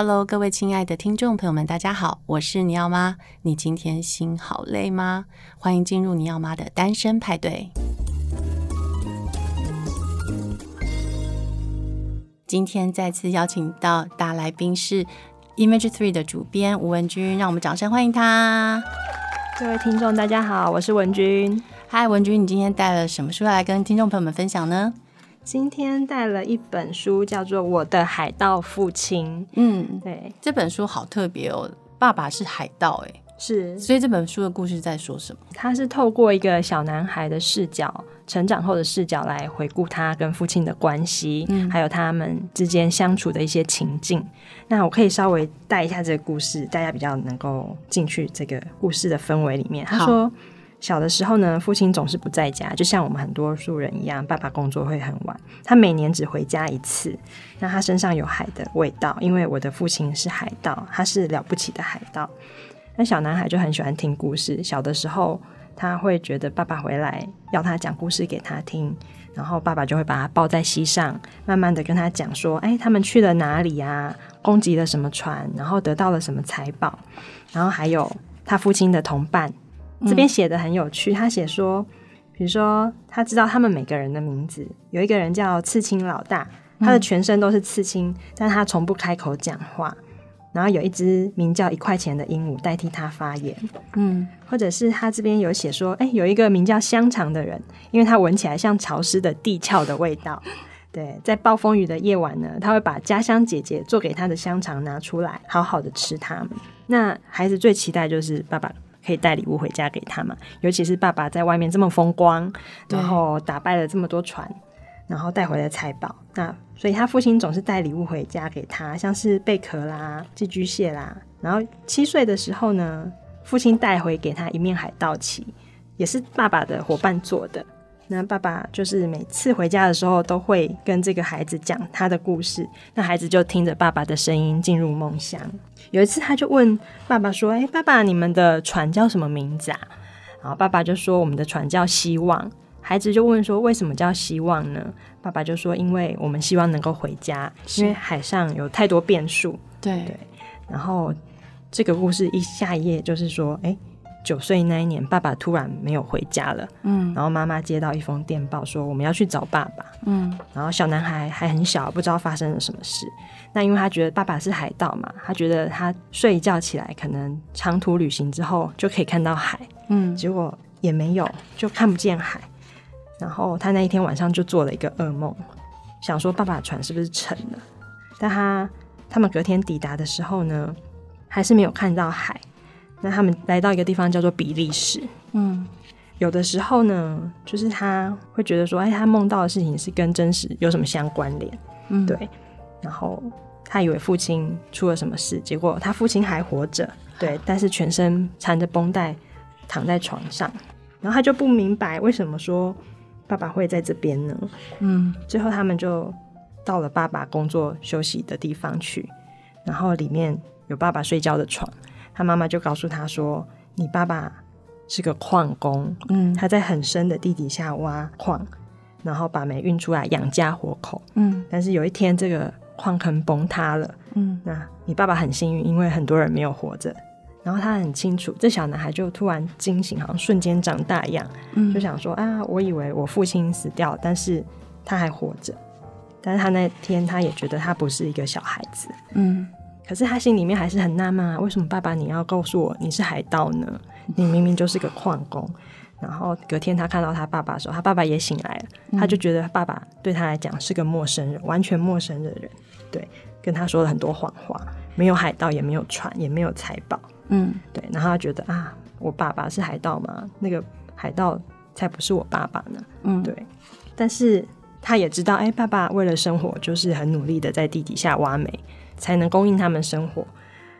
Hello，各位親愛的聽眾朋友們，大家好，我是尼奧媽。你今天心好累嗎？歡迎進入尼奧媽的單身派對。今天再次邀請到大來賓是《image3》的主編吳文君，讓我們掌聲歡迎他。各位聽眾，大家好，我是文君。嗨，文君，你今天帶了什麼書來，來跟聽眾朋友們分享呢？今天帶了一本書，叫做《我的海盜父親》。嗯，對，這本書好特別哦，爸爸是海盜，哎，是。所以這本書的故事在說什麼？他是透過一個小男孩的視角，成長後的視角來回顧他跟父親的關係，嗯，還有他們之間相處的一些情境。那我可以稍微帶一下這個故事，大家比較能夠進去這個故事的氛圍裡面。他說。小的時候呢，父親總是不在家，就像我們很多數人一樣，爸爸工作會很晚。他每年只回家一次。那他身上有海的味道，因為我的父親是海盜，他是了不起的海盜。那小男孩就很喜歡聽故事。小的時候，他會覺得爸爸回來要他講故事給他聽，然後爸爸就會把他抱在膝上，慢慢的跟他講說：“哎，他們去了哪裡呀？攻擊了什麼船？然後得到了什麼財寶？”然後還有他父親的同伴。這邊寫的很有趣，嗯、他寫說，比如說他知道他們每個人的名字，有一個人叫刺青老大，他的全身都是刺青，嗯、但他從不開口講話，然後有一隻名叫一塊錢的鸚鵡代替他發言，嗯，或者是他這邊有寫說，誒、欸，有一個名叫香腸的人，因為他聞起來像潮濕的地殼的味道， 對，在暴風雨的夜晚呢，他會把家鄉姐姐做給他的香腸拿出來，好好的吃它們。那孩子最期待就是爸爸可以帶禮物回家給他嘛？尤其是爸爸在外面這麼風光，然後打敗了這麼多船，然後帶回了財寶。對那所以他父親總是帶禮物回家給他，像是貝殼啦、寄居蟹啦。然後七歲的時候呢，父親帶回給他一面海盜旗，也是爸爸的夥伴做的。那爸爸就是每次回家的時候都會跟這個孩子講他的故事，那孩子就聽着爸爸的聲音進入夢鄉。有一次他就問爸爸說：“誒，爸爸，你們的船叫什麼名字啊？”然後爸爸就說：“我們的船叫希望。”孩子就問說：“為什麼叫希望呢？”爸爸就說：“因為我們希望能夠回家，是。因為海上有太多變數。”對對。然後這個故事一下一頁就是說：“誒……九歲那一年，爸爸突然沒有回家了。嗯，然後媽媽接到一封電報，說我們要去找爸爸。嗯，然後小男孩還很小，不知道發生了什麼事。那因為他覺得爸爸是海盜嘛，他覺得他睡一覺起來，可能長途旅行之後就可以看到海。嗯，結果也沒有，就看不見海。然後他那一天晚上就做了一個噩夢，想說爸爸船是不是沉了？但他他們隔天抵達的時候呢，還是沒有看到海。那他們來到一個地方叫做比利時。嗯，有的時候呢，就是他會覺得說，哎，他夢到的事情是跟真實有什麼相關聯。嗯，對。然後他以為父親出了什麼事，結果他父親還活着。對，但是全身纏着繃帶，躺在床上。然後他就不明白為什麼說爸爸會在這邊呢？嗯，最後他們就到了爸爸工作休息的地方去，然後裡面有爸爸睡覺的床。他媽媽就告訴他說：“你爸爸是個礦工，嗯，他在很深的地底下挖礦，然後把煤運出來養家活口，嗯。但是有一天這個礦坑崩塌了，嗯。那你爸爸很幸運，因為很多人沒有活着。然後他很清楚，這小男孩就突然驚醒，好像瞬間長大一樣，就想說：嗯、啊，我以為我父親死掉了，但是他還活着。但是他那天他也覺得他不是一個小孩子，嗯。”可是他心裡面還是很納悶啊，為什麼爸爸你要告訴我你是海盜呢？你明明就是個礦工。然後隔天他看到他爸爸的時候，他爸爸也醒來了，他就覺得爸爸對他來講是個陌生人，嗯、完全陌生的人。對，跟他說了很多謊話，沒有海盜，也沒有船，也沒有財寶。嗯，對。然後他覺得啊，我爸爸是海盜嗎？那個海盜才不是我爸爸呢。嗯，對。但是他也知道，哎、欸，爸爸為了生活就是很努力的在地底下挖煤。才能供應他們生活。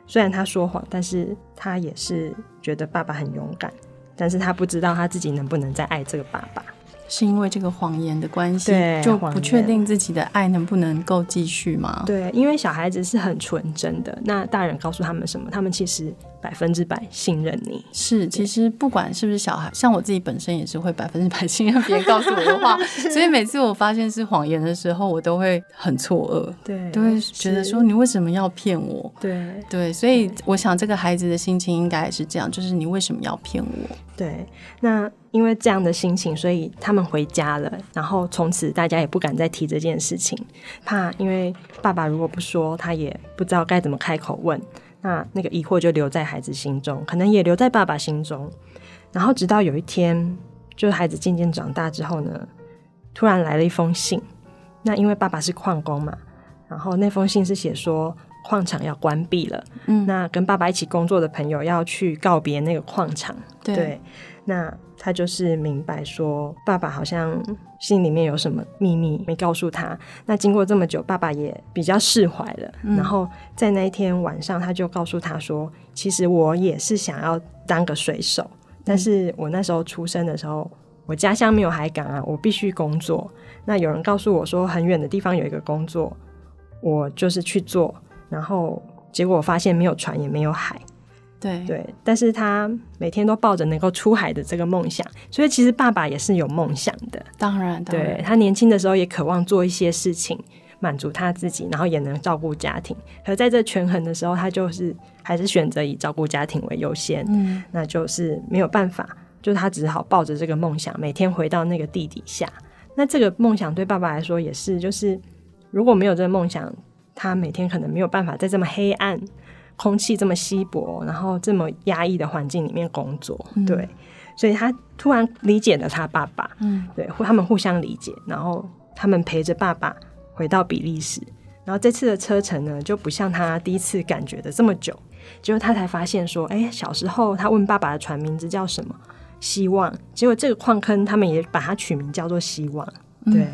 雖然他說謊，但是他也是覺得爸爸很勇敢。但是他不知道他自己能不能再愛這個爸爸，是因為這個謊言的關係，對，就不確定自己的愛能不能夠繼續嗎？對，因為小孩子是很純真的，那大人告訴他們什麼，他們其實。百分之百信任你，是其實不管是不是小孩，像我自己本身也是會百分之百信任別人告訴我的話， 是所以每次我發現是謊言的時候，我都會很錯愕，對，都會覺得說你為什麼要騙我？對對，所以我想這個孩子的心情應該也是這樣，就是你為什麼要騙我？對，那因為這樣的心情，所以他們回家了，然後從此大家也不敢再提這件事情，怕因為爸爸如果不說，他也不知道該怎麼開口問。那那個疑惑就留在孩子心中，可能也留在爸爸心中。然後直到有一天，就是孩子漸漸長大之後呢，突然來了一封信。那因為爸爸是礦工嘛，然後那封信是寫說礦場要關閉了，嗯。那跟爸爸一起工作的朋友要去告別那個礦場，對，對，那。他就是明白說，爸爸好像心裡面有什麼秘密沒告訴他。嗯、那經過這麼久，爸爸也比較釋懷了。嗯、然後在那一天晚上，他就告訴他說：“其實我也是想要當個水手，但是我那時候出生的時候，嗯、我家鄉沒有海港啊，我必須工作。那有人告訴我說，很遠的地方有一個工作，我就是去做。然後結果發現沒有船，也沒有海。”對對，但是他每天都抱着能夠出海的這個夢想，所以其實爸爸也是有夢想的。當然，當然，對，他年輕的時候也渴望做一些事情，滿足他自己，然後也能照顧家庭。可是在這權衡的時候，他就是還是選擇以照顧家庭為優先。嗯，那就是沒有辦法，就是他只好抱着這個夢想，每天回到那個地底下。那這個夢想對爸爸來說也是，就是如果沒有這個夢想，他每天可能沒有辦法在這麼黑暗，空氣這麼稀薄，然後這麼壓抑的環境裡面工作，嗯、對，所以他突然理解了他爸爸，嗯，對，他們互相理解，然後他們陪着爸爸回到比利時，然後這次的車程呢，就不像他第一次感覺的這麼久，結果他才發現說，哎，小時候他問爸爸的船名字叫什麼？希望，結果這個礦坑他們也把它取名叫做希望，嗯、對，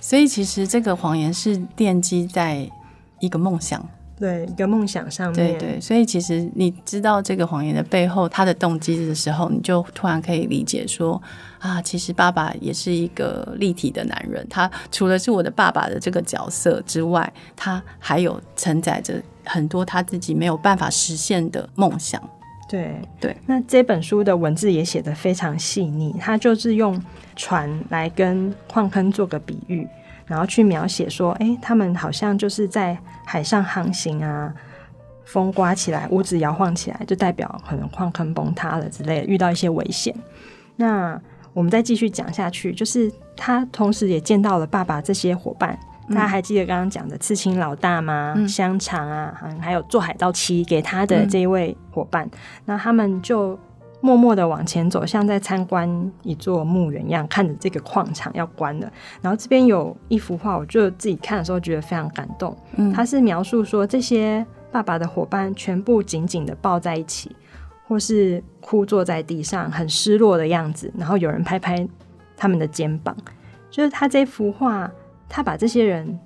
所以其實這個謊言是奠基在一個夢想，對一個夢想上面，對對，所以其實你知道這個謊言的背後他的動機的時候，你就突然可以理解說啊，其實爸爸也是一個立體的男人，他除了是我的爸爸的這個角色之外，他還有承載着很多他自己沒有辦法實現的夢想。對對，對那這本書的文字也寫得非常細膩，他就是用船來跟礦坑做個比喻。然後去描寫說，誒，他們好像就是在海上航行啊，風刮起來，屋子搖晃起來，就代表可能礦坑崩塌了之類的，遇到一些危險。那我們再繼續講下去，就是他同時也見到了爸爸這些伙伴，嗯、他還記得剛剛講的刺青老大嗎？嗯、香腸啊，還有做海盜旗給他的這一位伙伴，嗯、那他們就。默默的往前走，像在參觀一座墓園一樣，看着這個礦場要關了。然後這邊有一幅畫，我就自己看的時候覺得非常感動。他、嗯、是描述說，這些爸爸的夥伴全部緊緊的抱在一起，或是哭坐在地上，很失落的樣子。然後有人拍拍他們的肩膀，就是他這幅畫，他把這些人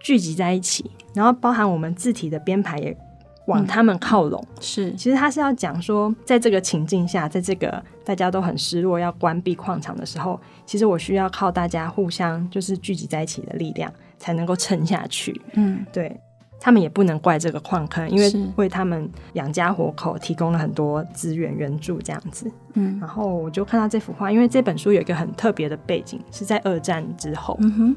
聚集在一起，然後包含我們字體的編排也。往他們靠攏。嗯，是，其實他是要講說，在這個情境下，在這個大家都很失落要關閉礦場的時候，其實我需要靠大家互相就是聚集在一起的力量，才能夠撐下去。嗯，對，他們也不能怪這個礦坑，因為為他們養家活口提供了很多資源援助，這樣子。嗯，然後我就看到這幅畫，因為這本書有一個很特別的背景，是在二戰之後。嗯哼。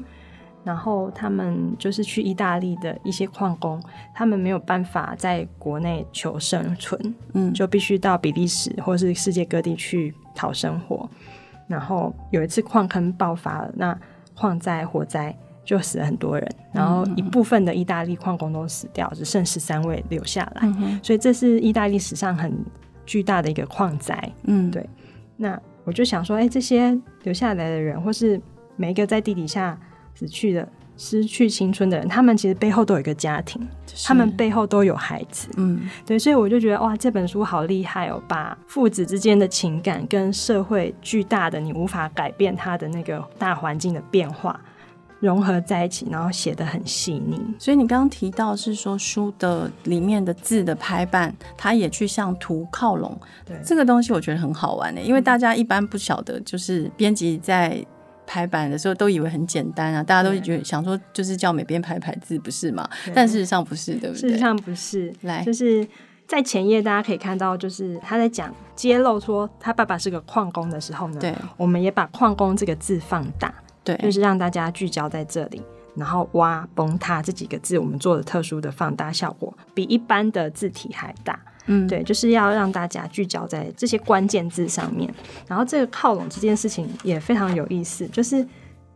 然後他們就是去意大利的一些礦工，他們沒有辦法在國內求生存，嗯，就必須到比利時或是世界各地去討生活。然後有一次礦坑爆發了，那礦災火災就死了很多人。然後一部分的意大利礦工都死掉，只剩十三位留下來。嗯哼。所以這是意大利史上很巨大的一個礦災。嗯，對。那我就想說，哎、欸，這些留下來的人，或是每一個在地底下。死去的、失去青春的人，他們其實背後都有一個家庭，是他們背後都有孩子。嗯，對，所以我就覺得哇，這本書好厲害哦，把父子之間的情感跟社會巨大的、你無法改變他的那個大環境的變化融合在一起，然後寫得很細膩。所以你剛剛提到是說書的裡面的字的排版，它也去向圖靠攏。對，這個東西我覺得很好玩呢，因為大家一般不曉得，就是編輯在。排版的時候都以為很簡單啊，大家都覺得想說就是叫每邊排排字不是嘛？對但事實上不是對不對？事實上不是。來，就是在前頁大家可以看到，就是他在講揭露說他爸爸是個礦工的時候呢，對，我們也把“礦工”這個字放大，對，就是讓大家聚焦在這裡。然後哇“挖崩塌”這幾個字，我們做了特殊的放大效果，比一般的字體還大。嗯， 對，就是要讓大家聚焦在這些關鍵字上面，然後這個靠攏這件事情也非常有意思，就是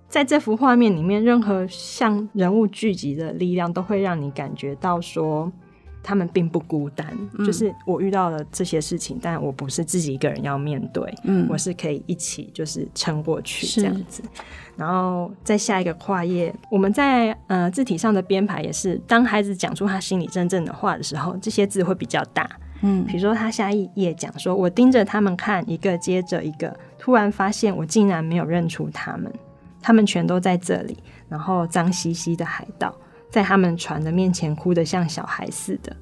在這幅畫面裡面，任何像人物聚集的力量，都會讓你感覺到說，他們並不孤單，嗯、就是我遇到了這些事情，但我不是自己一個人要面對，嗯，我是可以一起就是撐過去這樣子。是然後在下一個跨頁，我們在呃字體上的編排也是，當孩子講出他心裡真正的話的時候，這些字會比較大，嗯，比如說他下一頁講說，我盯着他們看，一個接着一個，突然發現我竟然沒有認出他們，他們全都在這裡，然後髒兮兮的海盜在他們船的面前哭得像小孩似的。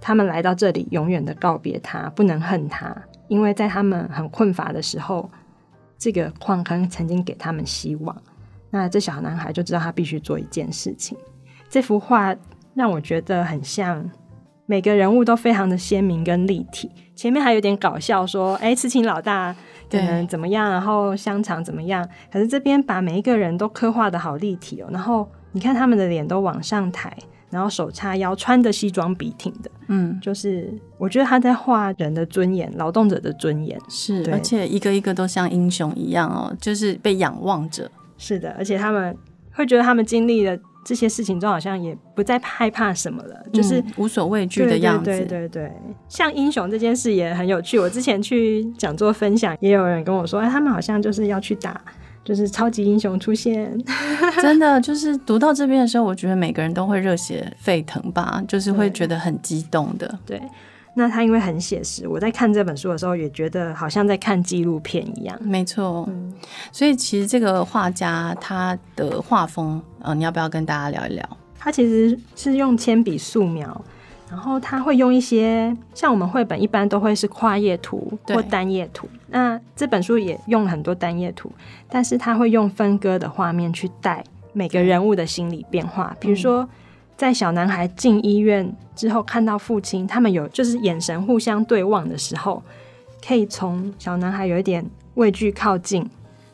他們來到這裡，永遠的告別他，不能恨他，因為在他們很困乏的時候，這個礦坑曾經給他們希望。那這小男孩就知道他必須做一件事情。這幅畫讓我覺得很像，每個人物都非常的鮮明跟立體。前面還有點搞笑說，說、欸、哎，痴情老大可能怎麼樣，然後香腸怎麼樣，對可是這邊把每一個人都刻畫的好立體哦、喔，然後。你看他們的臉都往上抬，然後手叉腰，穿的西裝筆挺的，嗯，就是我覺得他在畫人的尊嚴，勞動者的尊嚴，是，對，而且一個一個都像英雄一樣哦，就是被仰望着。是的，而且他們會覺得他們經歷了這些事情，就好像也不再害怕什麼了，就是、嗯、無所畏懼的樣子。對對，對對對，像英雄這件事也很有趣。我之前去講座分享，也有人跟我說，哎，他們好像就是要去打。就是超級英雄出現， 真的就是讀到這邊的時候，我覺得每個人都會熱血沸騰吧，就是會覺得很激動的。對，對，那他因為很寫實，我在看這本書的時候也覺得好像在看紀錄片一樣。沒錯錯，嗯、所以其實這個畫家他的畫風，嗯、呃，你要不要跟大家聊一聊？他其實是用鉛筆素描。然後他會用一些像我們繪本一般都會是跨頁圖或單頁圖，對那這本書也用了很多單頁圖，但是他會用分割的畫面去帶每個人物的心理變化。嗯、比如說，在小男孩進醫院之後看到父親，他們有就是眼神互相對望的時候，可以從小男孩有一點畏懼靠近，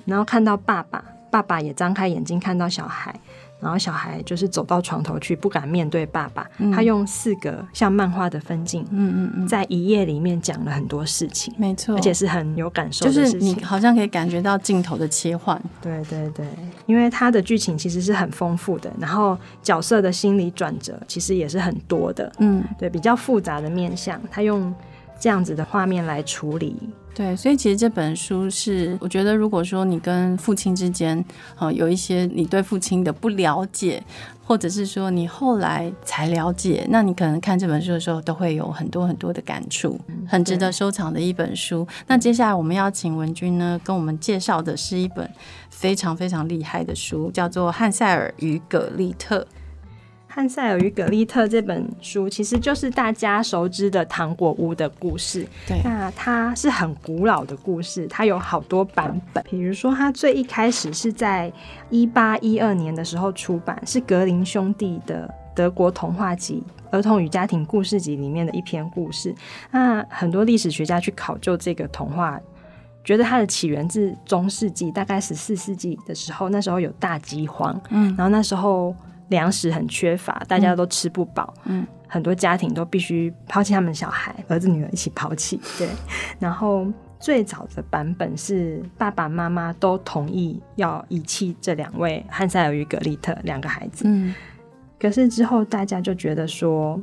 然後看到爸爸，爸爸也張開眼睛看到小孩。然後小孩就是走到床頭去，不敢面對爸爸。嗯、他用四個像漫畫的分鏡，嗯嗯嗯、在一頁裡面講了很多事情，沒錯，而且是很有感受的事情。就是你好像可以感覺到鏡頭的切換，對對對，因為他的劇情其實是很豐富的，然後角色的心理轉折其實也是很多的，嗯，對，比較複雜的面向，他用這樣子的畫面來處理。對，所以其實這本書是，我覺得如果說你跟父親之間，啊、呃，有一些你對父親的不了解，或者是說你後來才了解，那你可能看這本書的時候都會有很多很多的感觸，很值得收藏的一本書。嗯、那接下來我們要請文君呢跟我們介紹的是一本非常非常厲害的書，叫做《漢賽爾與葛麗特》。《漢塞爾與葛麗特》這本書其實就是大家熟知的《糖果屋》的故事。對，那它是很古老的故事，它有好多版本。比如說，它最一開始是在一八一二年的時候出版，是格林兄弟的《德國童話集》《兒童與家庭故事集》裡面的一篇故事。那很多歷史學家去考究這個童話，覺得它的起源自中世紀，大概十四世紀的時候，那時候有大饑荒。嗯，然後那時候。糧食很缺乏，大家都吃不飽。嗯，很多家庭都必須拋棄他們小孩，兒子女兒一起拋棄。對， 然後最早的版本是爸爸媽媽都同意要遺棄這兩位漢塞爾與葛麗特兩個孩子。嗯，可是之後大家就覺得說，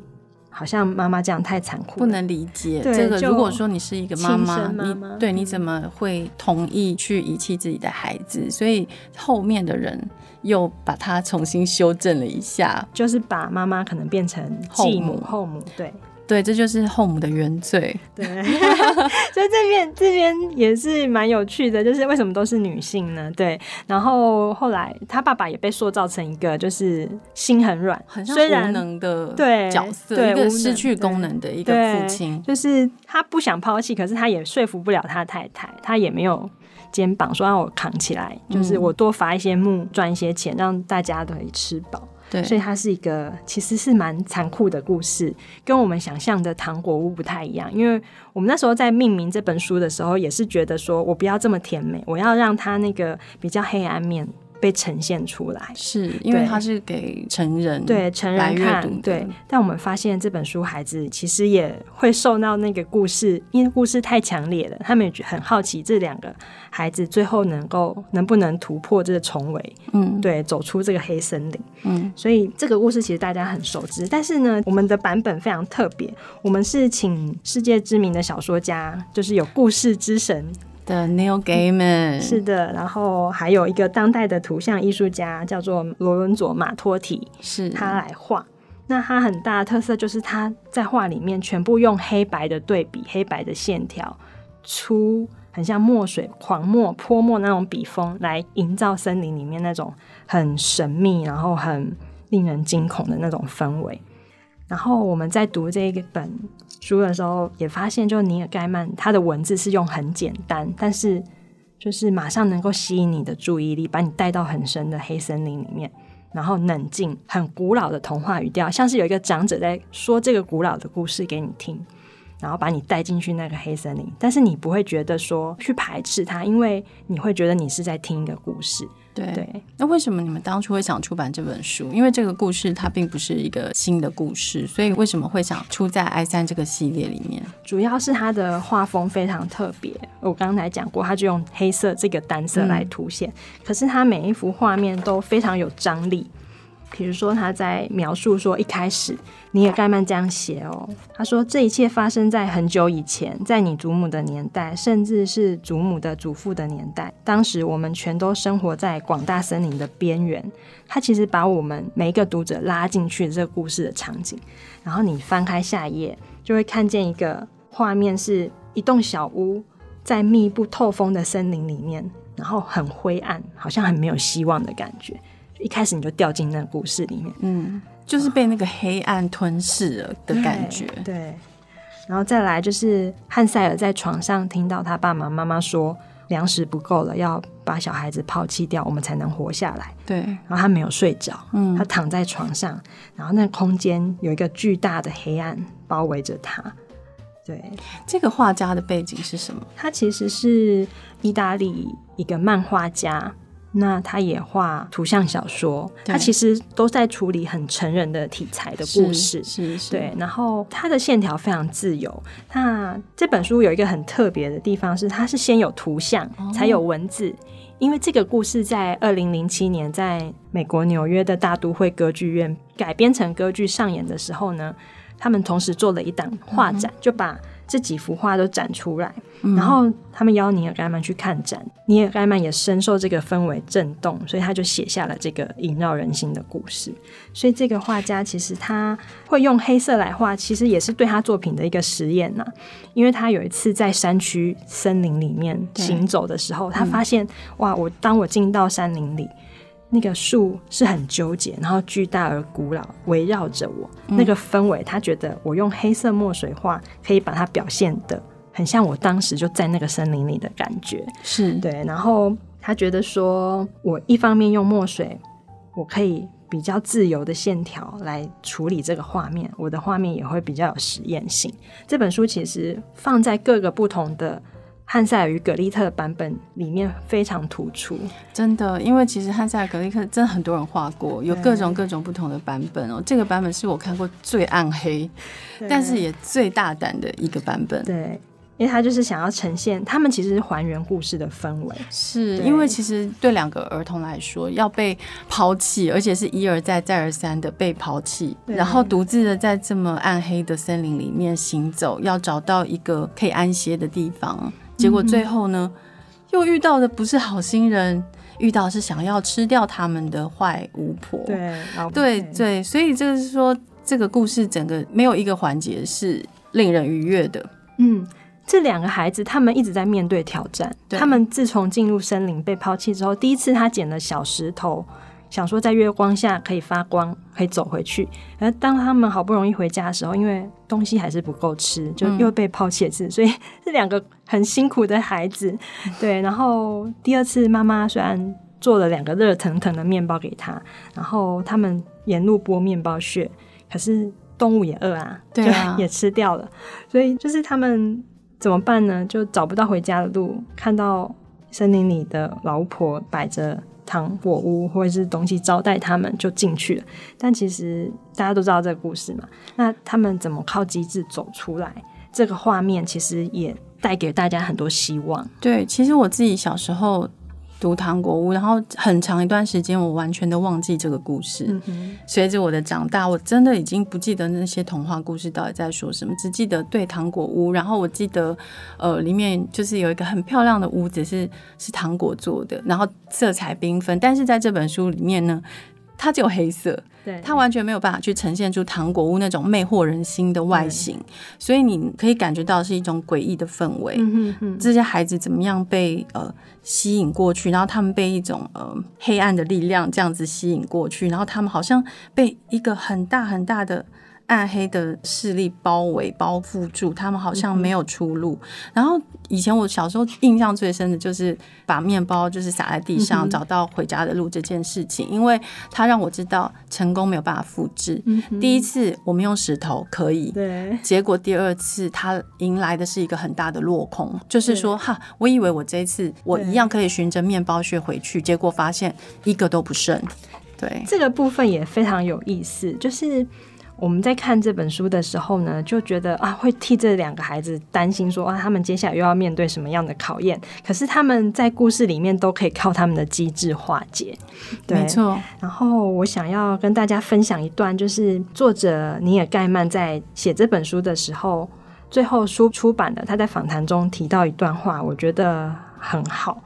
好像媽媽這樣太殘酷，不能理解。對，這個如果說你是一個媽媽，媽媽你對你怎麼會同意去遺棄自己的孩子？所以後面的人。又把它重新修正了一下，就是把媽媽可能變成繼母、後母，對。對，這就是後 e 的原罪，對，所以這邊這邊也是蠻有趣的，就是為什麼都是女性呢？對，然後後來她爸爸也被塑造成一個就是心很軟、很像無能的角色，對一個失去功能的一個父親，就是他不想拋棄，可是他也說服不了他的太太，他也沒有肩膀說讓我扛起來，就是我多伐一些木，賺一些錢，讓大家都可以吃飽。對，所以它是一個其實是蠻殘酷的故事，跟我們想象的糖果屋不太一樣。因為我們那時候在命名這本書的時候，也是覺得說我不要這麼甜美，我要讓它那個比較黑暗面。被呈現出來，是因為它是給成人對，對成人看對，但我們發現這本書孩子其實也會受到那個故事，因為故事太強烈了，他們也很好奇這兩個孩子最後能夠能不能突破這個重圍，嗯，對，走出這個黑森林，嗯，所以這個故事其實大家很熟知，但是呢，我們的版本非常特別，我們是請世界知名的小說家，就是有故事之神的 Neil Gaiman，嗯、是的，然後還有一個當代的圖像藝術家叫做羅倫佐馬托提，是他來畫。那他很大的特色就是他在畫裡面全部用黑白的對比，黑白的線條，粗很像墨水狂墨潑墨那種筆鋒來營造森林裡面那種很神秘，然後很令人驚恐的那種氛圍。然後我們在讀這一個本。讀的時候也發現，就尼爾·蓋曼，他的文字是用很簡單，但是就是馬上能夠吸引你的注意力，把你帶到很深的黑森林裡面，然後冷靜、很古老的童話語調，像是有一個長者在說這個古老的故事給你聽，然後把你帶進去那個黑森林，但是你不會覺得說去排斥它，因為你會覺得你是在聽一個故事。對，那為什麼你們當初會想出版這本書？因為這個故事它並不是一個新的故事，所以為什麼會想出在 i 三這個系列裡面？主要是它的畫風非常特別，我剛才講過，它就用黑色這個單色來凸顯，嗯，可是它每一幅畫面都非常有張力。比如說，他在描述說一開始，尼爾・蓋曼這樣寫哦，他說這一切發生在很久以前，在你祖母的年代，甚至是祖母的祖父的年代。當時我們全都生活在廣大森林的邊緣。他其實把我們每一個讀者拉進去這個故事的場景。然後你翻開下一頁，就會看見一個畫面，是一棟小屋在密不透風的森林裡面，然後很灰暗，好像很沒有希望的感覺。一開始你就掉進那個故事裡面，嗯，就是被那個黑暗吞噬了的感覺對。對，然後再來就是漢賽爾在床上聽到他爸爸媽媽說糧食不夠了，要把小孩子拋棄掉，我們才能活下來。對，然後他沒有睡着，他躺在床上，嗯，然後那空間有一個巨大的黑暗包圍着他。對，這個畫家的背景是什麼？他其實是意大利一個漫畫家。那他也畫圖像小說，對，他其實都在處理很成人的題材的故事，是是。是是對，然後他的線條非常自由。那這本書有一個很特別的地方是，它是先有圖像才有文字，哦，因為這個故事在二零零七年在美國紐約的大都會歌劇院改編成歌劇上演的時候呢，他們同時做了一檔畫展，嗯嗯，就把。這幾幅畫都展出來，嗯、哼然後他們邀尼爾蓋曼去看展，尼爾蓋曼也深受這個氛圍震動，所以他就寫下了這個縈繞人心的故事。所以這個畫家其實他會用黑色來畫，其實也是對他作品的一個實驗吶、啊。因為他有一次在山區森林裡面行走的時候，對他發現、嗯、哇，我當我進到山林裡。那個樹是很糾結，然後巨大而古老，圍繞着我。嗯、那個氛圍，他覺得我用黑色墨水畫可以把它表現得很像我當時就在那個森林裡的感覺。是對，然後他覺得說我一方面用墨水，我可以比較自由的線條來處理這個畫面，我的畫面也會比較有實驗性。這本書其實放在各個不同的。漢塞爾與葛麗特的版本裡面非常突出，真的，因為其實漢塞爾、葛麗特真的很多人畫過，對有各種各種不同的版本哦、喔。這個版本是我看過最暗黑，對但是也最大膽的一個版本。對，因為他就是想要呈現他們其實是還原故事的氛圍。是對因為其實對兩個兒童來說，要被拋棄，而且是一而再、再而三的被拋棄，對然後獨自的在這麼暗黑的森林裡面行走，要找到一個可以安歇的地方。結果最後呢，嗯嗯，又遇到的不是好心人，遇到是想要吃掉他們的壞巫婆。對對, okay 對，所以就是說，這個故事整個沒有一個環節是令人愉悅的。嗯，這兩個孩子他們一直在面對挑戰。對他們自從進入森林被拋棄之後，第一次他撿了小石頭。想說在月光下可以發光，可以走回去。而當他們好不容易回家的時候，因為東西還是不夠吃，就又被拋棄了。嗯，所以是兩個很辛苦的孩子。對，然後第二次媽媽雖然做了兩個熱騰騰的麵包給他，然後他們沿路剝麵包屑，可是動物也餓啊，對啊，也吃掉了。所以就是他們怎麼辦呢？就找不到回家的路，看到森林裡的老巫婆擺着。糖果屋或者是東西招待他們，就進去了，但其實大家都知道這個故事嘛。那他們怎麼靠機智走出來？這個畫面其實也帶給大家很多希望。對，其實我自己小時候。讀《糖果屋》，然後很長一段時間，我完全都忘記這個故事。嗯、哼隨着我的長大，我真的已經不記得那些童話故事到底在說什麼，只記得對《糖果屋》，然後我記得，呃，裡面就是有一個很漂亮的屋子是，是糖果做的，然後色彩繽紛。但是在這本書裡面呢？它只有黑色，對，它完全沒有辦法去呈現出糖果屋那種魅惑人心的外形，對所以你可以感覺到是一種詭異的氛圍。嗯、哼哼這些孩子怎麼樣被呃吸引過去，然後他們被一種呃黑暗的力量這樣子吸引過去，然後他們好像被一個很大很大的。暗黑的勢力包圍、包覆住他們，好像沒有出路。嗯、哼然後以前我小時候印象最深的就是把麵包就是撒在地上、嗯、哼找到回家的路這件事情，因為它讓我知道成功沒有辦法複製。嗯、哼第一次我們用石頭可以，對，結果第二次他迎來的是一個很大的落空，對就是說哈，我以為我這一次我一樣可以循着麵包屑回去，對結果發現一個都不剩。對，這個部分也非常有意思，就是。我們在看這本書的時候呢，就覺得啊，會替這兩個孩子擔心說，說啊，他們接下來又要面對什麼樣的考驗？可是他們在故事裡面都可以靠他們的機智化解，對沒錯。然後我想要跟大家分享一段，就是作者尼爾蓋曼在寫這本書的時候，最後書出版的，他在訪談中提到一段話，我覺得很好，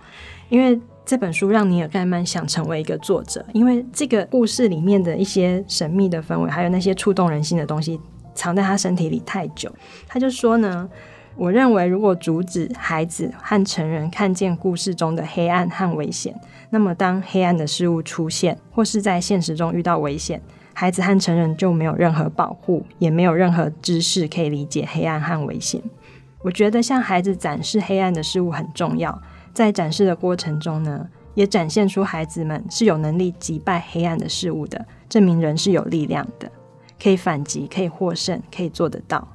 因為。這本書讓尼爾·蓋曼想成為一個作者，因為這個故事裡面的一些神秘的氛圍，還有那些觸動人心的東西，藏在他身體裡太久。他就說呢：“我認為，如果阻止孩子和成人看見故事中的黑暗和危險，那麼當黑暗的事物出現，或是在現實中遇到危險，孩子和成人就沒有任何保護，也沒有任何知識可以理解黑暗和危險。我覺得向孩子展示黑暗的事物很重要。”在展示的過程中呢，也展現出孩子們是有能力擊敗黑暗的事物的，證明人是有力量的，可以反擊，可以獲勝，可以做得到。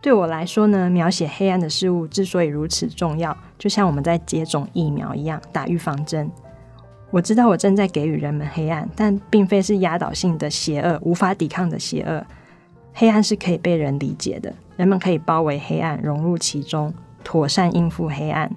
對我來說呢，描寫黑暗的事物之所以如此重要，就像我們在接種疫苗一樣，打預防針。我知道我正在給予人們黑暗，但並非是壓倒性的邪惡，無法抵抗的邪惡。黑暗是可以被人理解的，人們可以包圍黑暗，融入其中，妥善應付黑暗。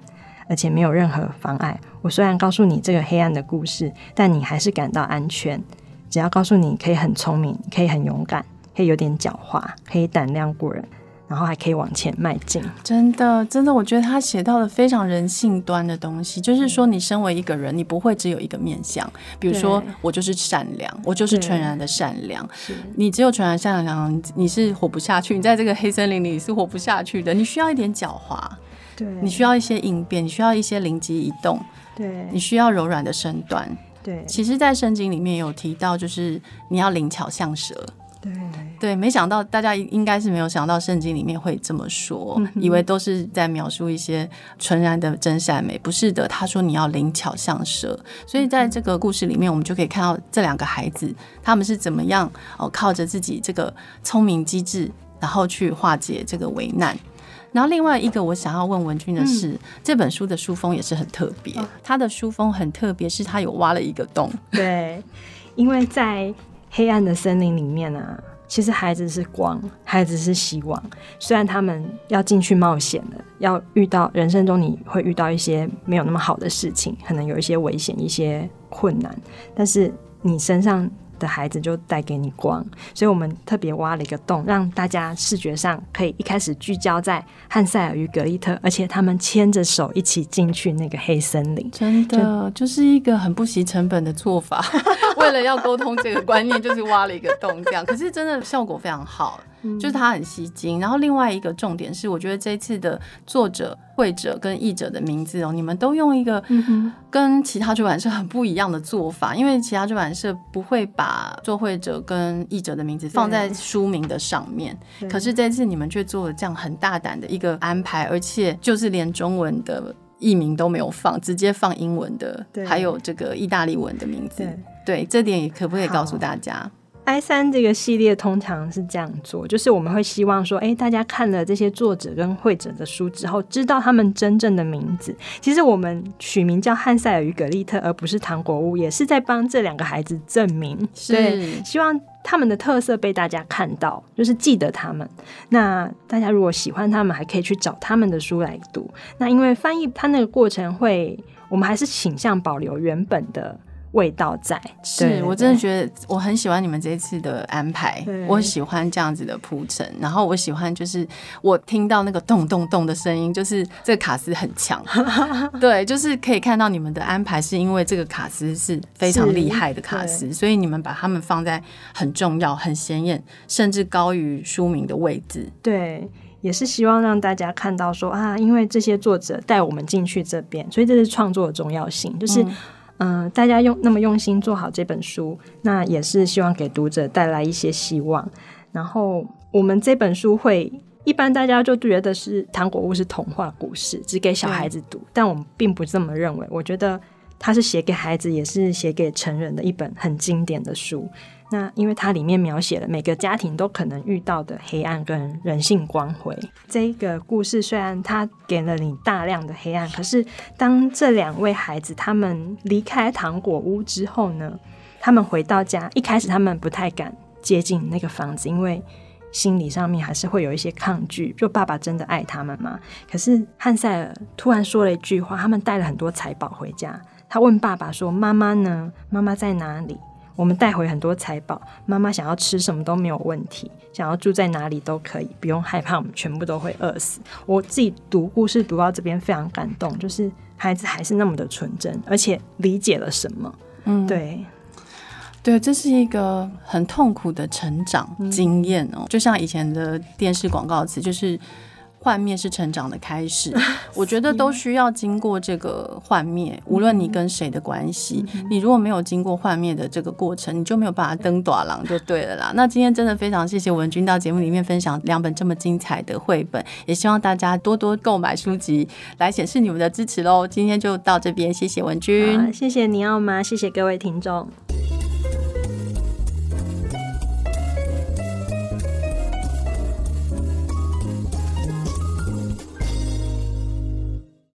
而且沒有任何妨礙。我雖然告訴你這個黑暗的故事，但你還是感到安全。只要告訴你可以很聰明，可以很勇敢，可以有點狡猾，可以膽量過人，然後還可以往前邁進。真的，真的，我覺得他寫到了非常人性端的東西。就是說，你身為一個人，你不會只有一個面向。比如說，我就是善良，我就是純然的善良。對你只有純然善良，你是活不下去。你在這個黑森林裡是活不下去的。你需要一點狡猾。對你需要一些應變，你需要一些靈機一動，對，你需要柔軟的身段，對，其實，在聖經裡面有提到，就是你要靈巧像蛇，對對，沒想到大家應該是沒有想到聖經裡面會這麼說，嗯、哼以為都是在描述一些純然的真善美，不是的，他說你要靈巧像蛇，所以在這個故事裡面，我們就可以看到這兩個孩子他們是怎麼樣哦、呃，靠着自己這個聰明機智，然後去化解這個危難。然後另外一個我想要問文君的是，嗯、這本書的書封也是很特別，哦、他的書封很特別，是他有挖了一個洞。對，因為在黑暗的森林裡面啊，其實孩子是光，孩子是希望。雖然他們要進去冒險的，要遇到人生中你會遇到一些沒有那麼好的事情，可能有一些危險、一些困難，但是你身上的孩子就帶給你光，所以我們特別挖了一個洞，讓大家視覺上可以一開始聚焦在漢賽爾與葛麗特，而且他們牽着手一起進去那個黑森林。真的就，就是一個很不惜成本的做法， 為了要溝通這個觀念，就是挖了一個洞這樣，可是真的效果非常好。就是它很吸睛，嗯、然後另外一個重點是，我覺得這次的作者、繪者跟譯者的名字哦、喔，你們都用一個跟其他出版社很不一樣的做法，嗯、哼因為其他出版社不會把作繪者跟譯者的名字放在書名的上面，對可是這次你們卻做了這樣很大膽的一個安排，而且就是連中文的譯名都沒有放，直接放英文的，對還有這個意大利文的名字，對，對，這點也可不可以告訴大家？i 三這個系列通常是這樣做，就是我們會希望說，哎、欸，大家看了這些作者跟繪者的書之後，知道他們真正的名字。其實我們取名叫《漢塞爾與葛麗特》，而不是《糖果屋》，也是在幫這兩個孩子證明，是對，希望他們的特色被大家看到，就是記得他們。那大家如果喜歡他們，還可以去找他們的書來讀。那因為翻譯它那個過程會，我們還是傾向保留原本的。味道在，是對對對我真的覺得我很喜歡你們這一次的安排，對我喜歡這樣子的鋪陳，然後我喜歡就是我聽到那個咚咚咚的聲音，就是這個卡斯很強， 對，就是可以看到你們的安排是因為這個卡斯是非常厲害的卡斯，所以你們把他們放在很重要、很顯眼，甚至高於書名的位置，對，也是希望讓大家看到說啊，因為這些作者帶我們進去這邊，所以這是創作的重要性，就是。嗯嗯、呃，大家用那麼用心做好這本書，那也是希望給讀者帶來一些希望。然後我們這本書會一般，大家就覺得是《糖果屋》是童話故事，只給小孩子讀。對但我們並不這麼認為，我覺得它是寫給孩子，也是寫給成人的一本很經典的書。那因為它裡面描寫了每個家庭都可能遇到的黑暗跟人性光輝。這一個故事雖然它給了你大量的黑暗，可是當這兩位孩子他們離開糖果屋之後呢，他們回到家，一開始他們不太敢接近那個房子，因為心理上面還是會有一些抗拒。就爸爸真的愛他們嗎？可是漢賽爾突然說了一句話，他們帶了很多財寶回家。他問爸爸說：“媽媽呢？媽媽在哪裡？”我們帶回很多財寶，媽媽想要吃什麼都沒有問題，想要住在哪裡都可以，不用害怕，我們全部都會餓死。我自己讀故事讀到這邊非常感動，就是孩子還是那麼的純真，而且理解了什麼，嗯，對，對，這是一個很痛苦的成長經驗哦，嗯，就像以前的電視廣告詞，就是。幻滅是成長的開始， 我覺得都需要經過這個幻滅。 無論你跟誰的關係， 你如果沒有經過幻滅的這個過程，你就沒有辦法轉大人，就對了啦。 那今天真的非常謝謝文君到節目裡面分享兩本這麼精彩的繪本，也希望大家多多購買書籍來顯示你們的支持嘍。今天就到這邊，謝謝文君，啊、謝謝尼奧媽，謝謝各位聽眾。